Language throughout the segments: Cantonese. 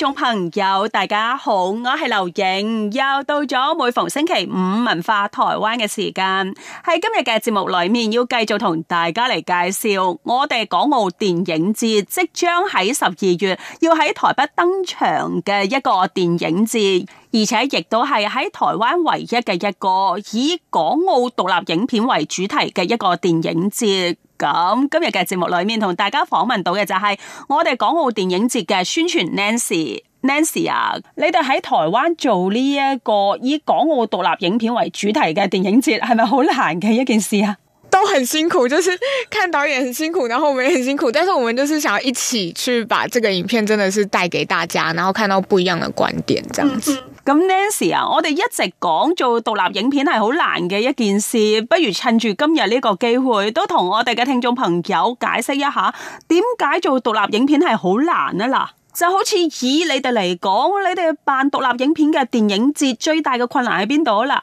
聽眾朋友，大家好，我係劉穎，又到咗每逢星期五文化台灣嘅時間。喺今日嘅節目裏面，要繼續同大家嚟介紹我哋港澳電影節即將喺十二月要喺台北登場嘅一個電影節，而且亦都係喺台灣唯一嘅一個以港澳獨立影片為主題嘅一個電影節。咁今日嘅節目裏面同大家訪問到嘅就係我哋港澳電影節嘅宣傳 Nancy。Nancy 啊，你哋喺台灣做呢一個以港澳獨立影片為主題嘅電影節，係咪好難嘅一件事啊？都很辛苦，就是看導演很辛苦，然後我們也很辛苦，但是我們就是想要一起去把這個影片，真的是帶給大家，然後看到不一樣的觀點，這樣子。嗯嗯咁 Nancy 啊，我哋一直講做獨立影片係好難嘅一件事，不如趁住今日呢個機會，都同我哋嘅聽眾朋友解釋一下，點解做獨立影片係好難啊？嗱，就好似以你哋嚟講，你哋辦獨立影片嘅電影節，最大嘅困難喺邊度啊？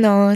咯，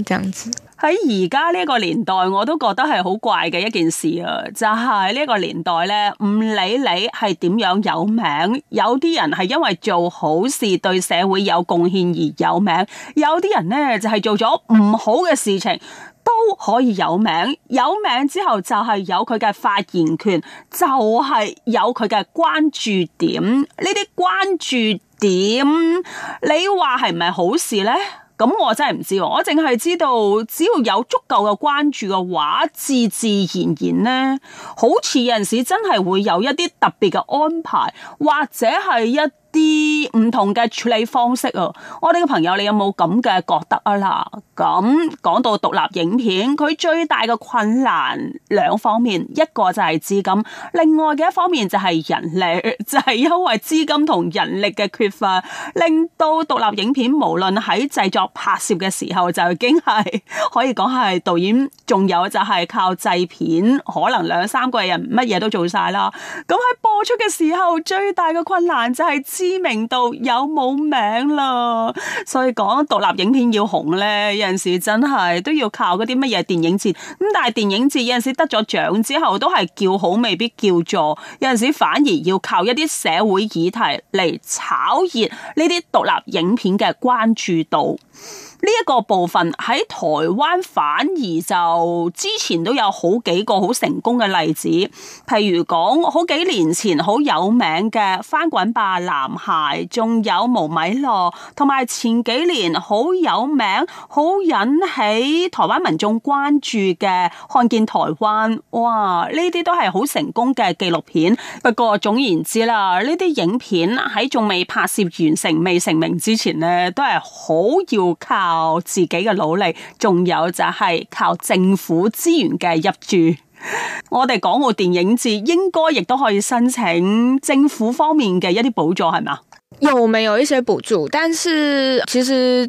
喺而家呢個年代，我都覺得係好怪嘅一件事啊！就係呢個年代呢，唔理你係點樣有名，有啲人係因為做好事對社會有貢獻而有名，有啲人呢，就係做咗唔好嘅事情都可以有名。有名之後就係有佢嘅發言權，就係有佢嘅關注點。呢啲關注點，你話係唔係好事呢？咁我真係唔知喎，我淨係知道只要有足夠嘅關注嘅話，自自然然呢，好似有陣時真係會有一啲特別嘅安排，或者係一啲唔同嘅處理方式啊！我哋嘅朋友，你有冇咁嘅覺得啊？嗱，咁講到獨立影片，佢最大嘅困難兩方面，一個就係資金，另外嘅一方面就係人力，就係因為資金同人力嘅缺乏，令到獨立影片無論喺製作拍攝嘅時候，就已經係可以講係導演，仲有就係靠製片，可能兩三個人乜嘢都做晒啦。咁喺播出嘅時候，最大嘅困難就係。知名度有冇名啦？所以講獨立影片要紅呢，有陣時真係都要靠嗰啲乜嘢電影節咁。但係電影節有陣時得咗獎之後，都係叫好未必叫座，有陣時反而要靠一啲社會議題嚟炒熱呢啲獨立影片嘅關注度。呢一個部分喺台灣反而就之前都有好幾個好成功嘅例子，譬如講好幾年前好有名嘅《翻滾吧男孩》毛，仲有《無米樂》，同埋前幾年好有名、好引起台灣民眾關注嘅《看見台灣》。哇！呢啲都係好成功嘅紀錄片。不過總言之啦，呢啲影片喺仲未拍攝完成、未成名之前呢，都係好要靠。靠自己嘅努力，仲有就係靠政府資源嘅入住。 我哋港澳電影節應該亦都可以申請政府方面嘅一啲補助，係咪啊？有沒有一些補助？但是其實。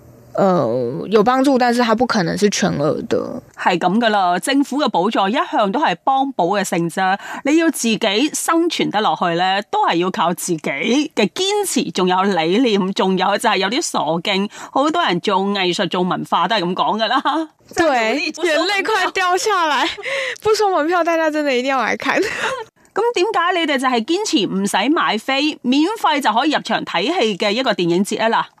呃，有幫助，但是佢不可能是全額的，係咁噶啦。政府嘅補助一向都係幫補嘅性質，你要自己生存得落去呢，都係要靠自己嘅堅持，仲有理念，仲有就係有啲傻勁。好多人做藝術、做文化都係咁講噶啦。對，眼淚 快掉下來，不送門票， 門票大家真的一定要嚟睇。咁點解你哋就係堅持唔使買飛，免費就可以入場睇戲嘅一個電影節啊嗱？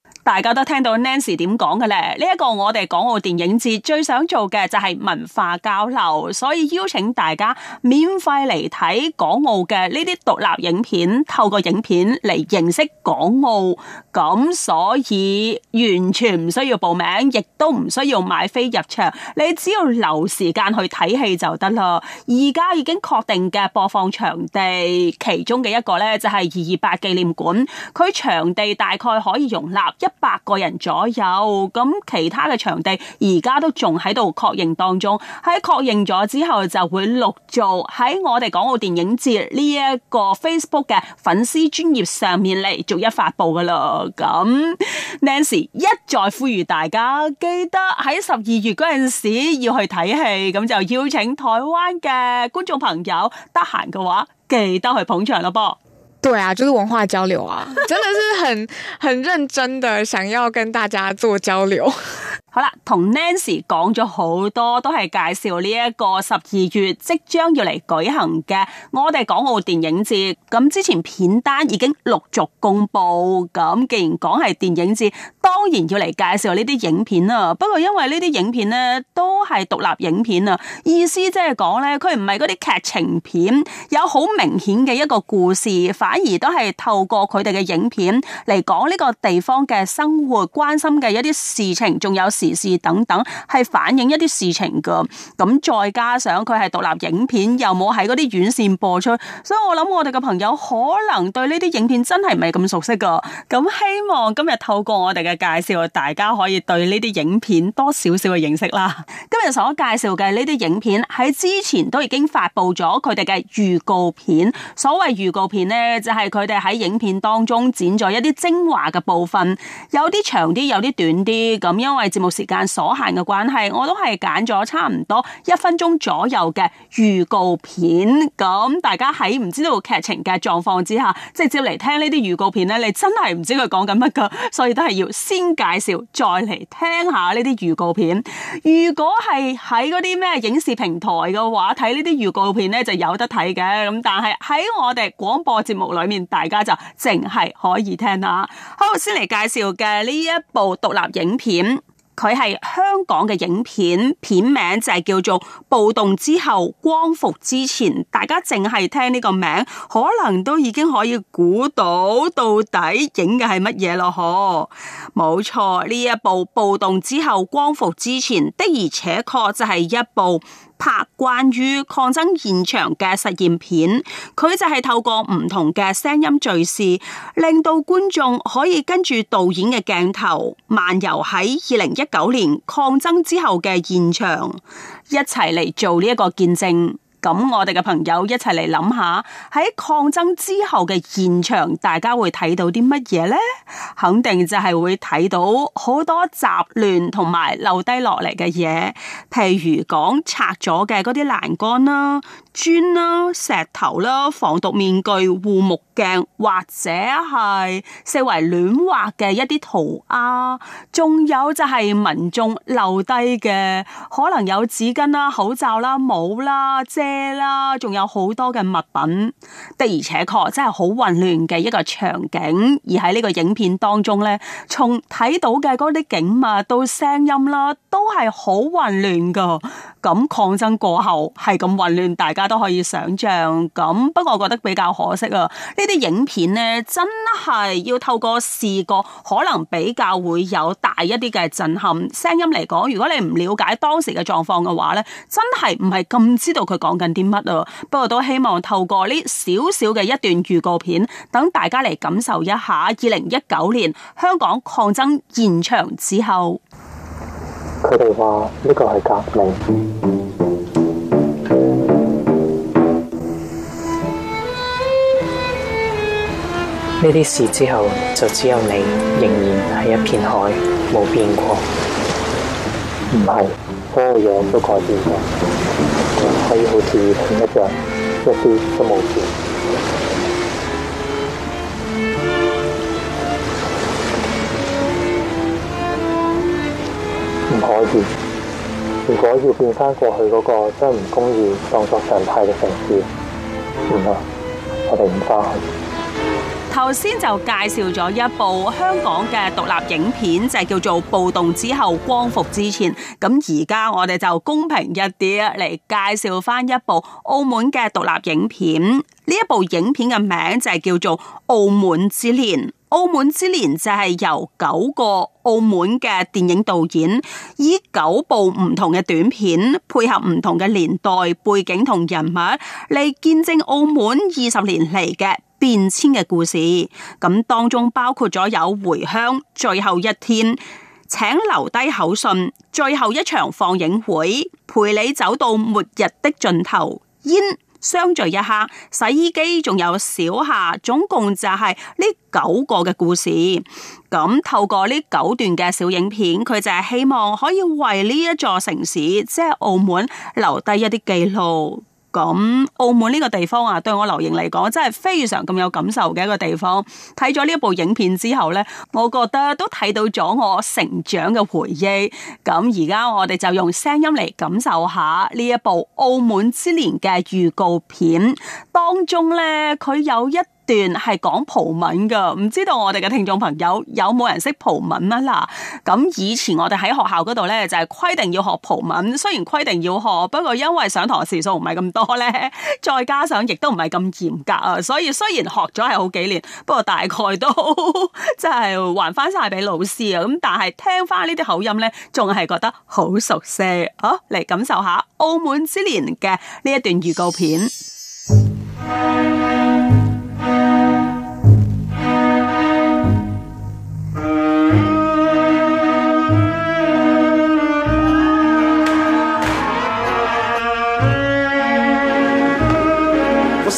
大家都聽到 Nancy 點講嘅咧，呢一個我哋港澳電影節最想做嘅就係文化交流，所以邀請大家免費嚟睇港澳嘅呢啲獨立影片，透過影片嚟認識港澳。咁所以完全唔需要報名，亦都唔需要買飛入場，你只要留時間去睇戲就得啦。而家已經確定嘅播放場地，其中嘅一個呢就係二二八紀念館，佢場地大概可以容納一百個人左右，咁其他嘅場地而家都仲喺度確認當中，喺確認咗之後就會陸續喺我哋港澳電影節呢一個 Facebook 嘅粉絲專頁上面嚟逐一發佈噶咯。咁 Nancy 一再呼籲大家記得喺十二月嗰陣時候要去睇戲，咁就邀請台灣嘅觀眾朋友得閒嘅話記得去捧場咯，噃。對啊，就是文化交流啊，真的是很很認真的想要跟大家做交流。 好啦，同 Nancy 講咗好多，都係介紹呢一個十二月即將要嚟舉行嘅我哋港澳電影節。咁之前片單已經陸續公布。咁既然講係電影節，當然要嚟介紹呢啲影片啦。不過因為呢啲影片咧都係獨立影片啊，意思即係講咧佢唔係嗰啲劇情片，有好明顯嘅一個故事，反而都係透過佢哋嘅影片嚟講呢個地方嘅生活，關心嘅一啲事情，仲有，時事等等係反映一啲事情噶咁再加上佢係獨立影片，又冇喺嗰啲院線播出，所以我諗我哋嘅朋友可能對呢啲影片真係唔係咁熟悉噶。咁希望今日透過我哋嘅介紹，大家可以對呢啲影片多少少嘅認識啦。今日所介紹嘅呢啲影片喺之前都已經發佈咗佢哋嘅預告片。所謂預告片呢，就係佢哋喺影片當中剪咗一啲精華嘅部分，有啲長啲，有啲短啲。咁因為節目，時間所限嘅關係，我都係揀咗差唔多一分鐘左右嘅預告片。咁大家喺唔知道劇情嘅狀況之下，直接嚟聽呢啲預告片呢，你真係唔知佢講緊乜噶。所以都係要先介紹，再嚟聽下呢啲預告片。如果係喺嗰啲咩影視平台嘅話，睇呢啲預告片呢就有得睇嘅。咁但係喺我哋廣播節目裏面，大家就淨係可以聽下。好，先嚟介紹嘅呢一部獨立影片。佢係香港嘅影片，片名就係叫做《暴動之後光復之前》，大家淨係聽呢個名，可能都已經可以估到到底影嘅係乜嘢咯。嗬，冇錯，呢一部《暴動之後光復之前》的而且確就係一部。拍關於抗爭現場嘅實驗片，佢就係透過唔同嘅聲音敘事，令到觀眾可以跟住導演嘅鏡頭漫遊喺二零一九年抗爭之後嘅現場，一齊嚟做呢一個見證。咁我哋嘅朋友一齊嚟諗下，喺抗爭之後嘅現場，大家會睇到啲乜嘢咧？肯定就係會睇到好多雜亂同埋留低落嚟嘅嘢，譬如講拆咗嘅嗰啲欄杆啦、磚啦、石頭啦、防毒面具、護目鏡，或者係四圍亂畫嘅一啲塗鴉，仲有就係民眾留低嘅，可能有紙巾啦、口罩啦、帽啦、遮。啦，仲有好多嘅物品，的而且確，真係好混亂嘅一個場景。而喺呢個影片當中呢，從睇到嘅嗰啲景物到聲音啦，都係好混亂噶。咁抗爭過後係咁混亂，大家都可以想象。咁不過我覺得比較可惜啊。呢啲影片呢，真係要透過視覺，可能比較會有大一啲嘅震撼。聲音嚟講，如果你唔了解當時嘅狀況嘅話呢，真係唔係咁知道佢講近啲乜咯？不過都希望透過呢少少嘅一段預告片，等大家嚟感受一下二零一九年香港抗爭現場之後。佢哋話呢個係革命。呢啲、嗯、事之後就只有你，仍然係一片海，冇變過。唔係、嗯，個樣都改變過。可以好似以前一樣，一啲都冇事。唔可以，如果要變返過去嗰、嗰個將唔公義當作常態嘅城市，算啦，我哋唔返去。頭先就介紹咗一部香港嘅獨立影片，就係叫做《暴動之後，光復之前》。咁而家我哋就公平一啲嚟介紹返一部澳門嘅獨立影片。呢一部影片嘅名就係叫做《澳門之年》。《澳門之年》就係由九個澳門嘅電影導演，以九部唔同嘅短片，配合唔同嘅年代背景同人物，嚟見證澳門二十年嚟嘅變遷嘅故事，咁當中包括咗有回鄉、最後一天，請留低口信、最後一場放映會、陪你走到末日的盡頭、煙相聚一刻、洗衣機，仲有小夏，總共就係呢九個嘅故事。咁透過呢九段嘅小影片，佢就係希望可以為呢一座城市，即係澳門，留低一啲記錄。咁，澳門呢個地方啊，對我留言嚟講，真係非常咁有感受嘅一個地方。睇咗呢一部影片之後呢，我覺得都睇到咗我成長嘅回憶。咁而家我哋就用聲音嚟感受下呢一部《澳門之年》嘅預告片當中呢，佢有一段係講葡文噶唔知道我哋嘅聽眾朋友有冇人識葡文啊？嗱，咁以前我哋喺學校嗰度呢，就係規定要學葡文，雖然規定要學，不過因為上堂時數唔係咁多呢，再加上亦都唔係咁嚴格啊，所以雖然學咗係好幾年，不過大概都即係、就是、還翻晒俾老師啊。咁但係聽翻呢啲口音呢，仲係覺得好熟悉啊！嚟感受下澳門之年嘅呢一段預告片。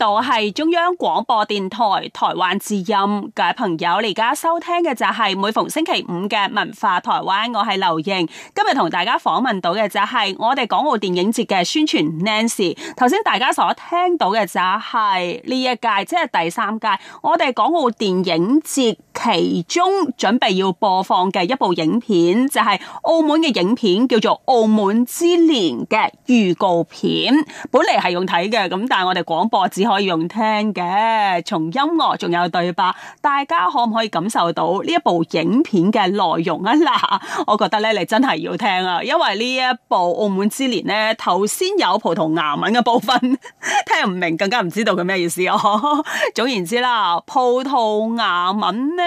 道係中央廣播電台台灣之音，各位朋友，你而家收聽嘅就係每逢星期五嘅文化台灣，我係劉瑩，今日同大家訪問到嘅就係我哋港澳電影節嘅宣傳 Nancy。頭先大家所聽到嘅就係呢一屆，即係第三屆，我哋港澳電影節其中準備要播放嘅一部影片就係澳門嘅影片，叫做《澳門之年》嘅預告片。本嚟係用睇嘅，咁但係我哋廣播只。可以用聽嘅，從音樂仲有對白，大家可唔可以感受到呢一部影片嘅內容啊？嗱，我覺得咧，你真係要聽啊，因為呢一部《澳門之年》咧，頭先有葡萄牙文嘅部分，聽唔明更加唔知道佢咩意思哦。總言之啦，葡萄牙文咧，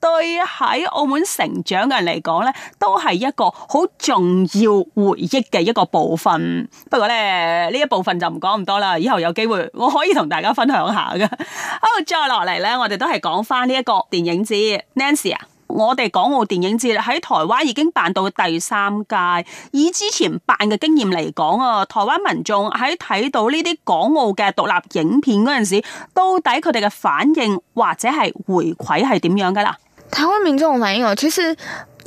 對喺澳門成長嘅人嚟講咧，都係一個好重要回憶嘅一個部分。不過咧，呢一部分就唔講咁多啦，以後有機會我。可以同大家分享下嘅，好再落嚟呢，我哋都係講翻呢一個電影節。Nancy 啊，我哋港澳電影節喺台灣已經辦到第三屆，以之前辦嘅經驗嚟講啊，台灣民眾喺睇到呢啲港澳嘅獨立影片嗰陣時，到底佢哋嘅反應或者係回饋係點樣噶啦？台灣民眾嘅反應啊，其實。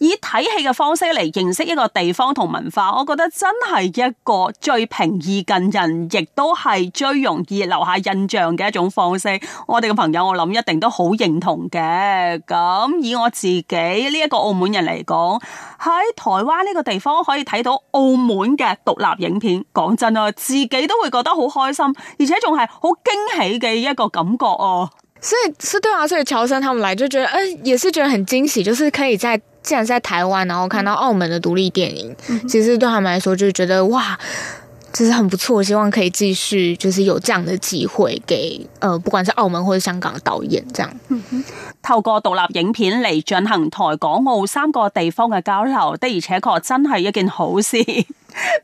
以睇戲嘅方式嚟認識一個地方同文化，我覺得真係一個最平易近人，亦都係最容易留下印象嘅一種方式。我哋嘅朋友，我諗一定都好認同嘅。咁以我自己呢一，這個澳門人嚟講，喺台灣呢個地方可以睇到澳門嘅獨立影片，講真啊，自己都會覺得好開心，而且仲係好驚喜嘅一個感覺哦、啊。所以，所以對啊，所以喬生他們嚟就覺得，誒、呃，也是覺得很驚喜，就是可以在。既然是在台灣，然後看到澳門的獨立電影，嗯、哼其實對他們來說，就覺得哇，其、就是很不錯。希望可以繼續，就是有這樣的機會，給，呃，不管是澳門或者香港的導演，這樣。嗯、哼透過獨立影片嚟進行台、港、澳三個地方嘅交流，的而且確真係一件好事。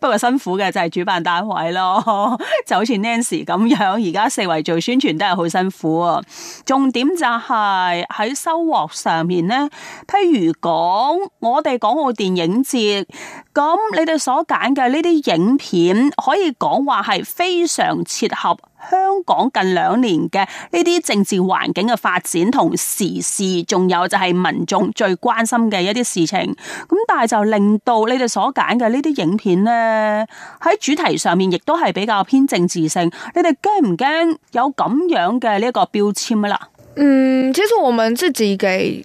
不過辛苦嘅就係主辦單位咯，就好似 Nancy 咁樣，而家四圍做宣傳都係好辛苦啊。重點就係、是、喺收穫上面呢，譬如說我們講我哋港澳電影節，咁你哋所揀嘅呢啲影片，可以講話係非常切合。香港近兩年嘅呢啲政治環境嘅發展同時事，仲有就係民眾最關心嘅一啲事情，咁但係就令到你哋所揀嘅呢啲影片咧，喺主題上面亦都係比較偏政治性。你哋驚唔驚有咁樣嘅呢個標籤啊？啦，嗯，其實我們自己給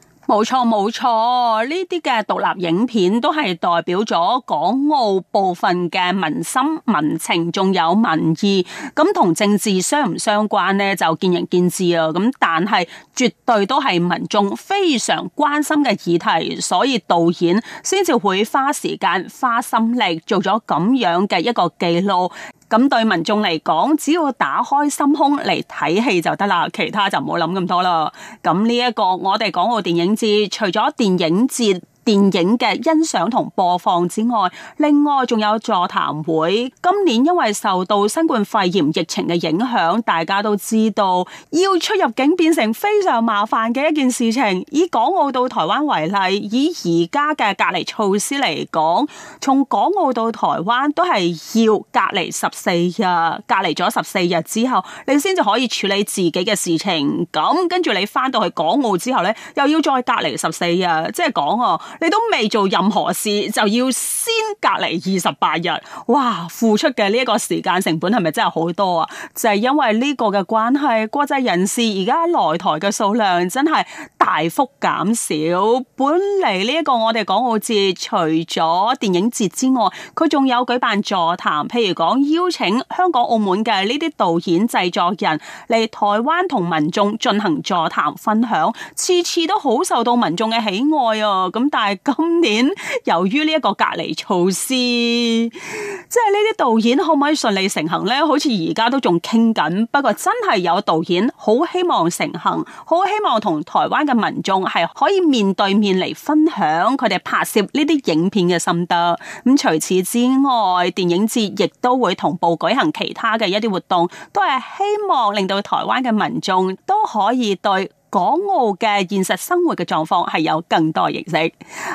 冇錯冇錯，呢啲嘅獨立影片都係代表咗港澳部分嘅民心民情，仲有民意。咁同政治相唔相關呢，就見仁見智啊。咁但係絕對都係民眾非常關心嘅議題，所以導演先至會花時間花心力做咗咁樣嘅一個記錄。咁對民眾嚟講，只要打開心胸嚟睇戲就得啦，其他就唔好諗咁多啦。咁呢一個，我哋港澳電影節，除咗電影節電影嘅欣賞同播放之外，另外仲有座談會。今年因為受到新冠肺炎疫情嘅影響，大家都知道要出入境變成非常麻煩嘅一件事情。以港澳到台灣為例，以而家嘅隔離措施嚟講，從港澳到台灣都係要隔離十四日，隔離咗十四日之後，你先至可以處理自己嘅事情。咁跟住你翻到去港澳之後咧，又要再隔離十四日，即係講哦。你都未做任何事，就要先隔離二十八日，哇！付出嘅呢一個時間成本係咪真係好多啊？就係因為呢個嘅關係，國際人士而家來台嘅數量真係大幅減少。本嚟呢一個我哋港澳節除咗電影節之外，佢仲有舉辦座談，譬如講邀請香港、澳門嘅呢啲導演、製作人嚟台灣同民眾進行座談分享，次次都好受到民眾嘅喜愛啊！咁但但係今年，由於呢一個隔離措施，即係呢啲導演可唔可以順利成行呢？好似而家都仲傾緊，不過真係有導演好希望成行，好希望同台灣嘅民眾係可以面對面嚟分享佢哋拍攝呢啲影片嘅心得。咁除此之外，電影節亦都會同步舉行其他嘅一啲活動，都係希望令到台灣嘅民眾都可以對港澳嘅現實生活嘅狀況係有更多形式好。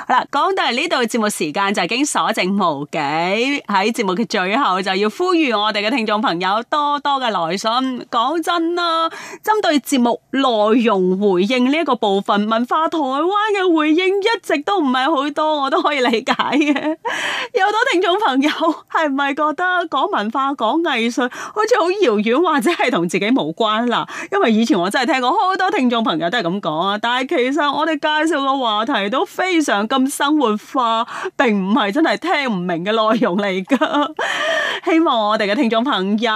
好啦，講到嚟呢度節目時間就已經所剩無幾，喺節目嘅最後就要呼籲我哋嘅聽眾朋友多多嘅來信。講真啦，針對節目內容回應呢一個部分，文化台灣嘅回應一直都唔係好多，我都可以理解嘅。有好多聽眾朋友係唔係覺得講文化、講藝術好似好遙遠，或者係同自己無關啦？因為以前我真係聽過好多聽眾。朋友都係咁講啊，但係其實我哋介紹嘅話題都非常咁生活化，並唔係真係聽唔明嘅內容嚟噶。希望我哋嘅聽眾朋友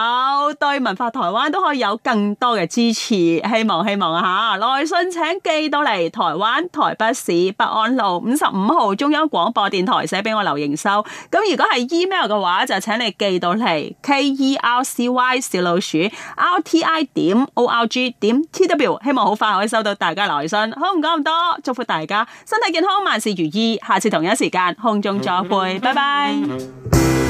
對文化台灣都可以有更多嘅支持，希望希望下嚇，來信請寄到嚟台灣台北市北安路五十五號中央廣播電台寫俾我留言收。咁如果係 email 嘅話，就請你寄到嚟 k e r c y 小老鼠 r t i 點 o r g 點 t w。希望好快可以收到大家來信。好唔講咁多，祝福大家身體健康，萬事如意。下次同一時間空中再會，拜拜。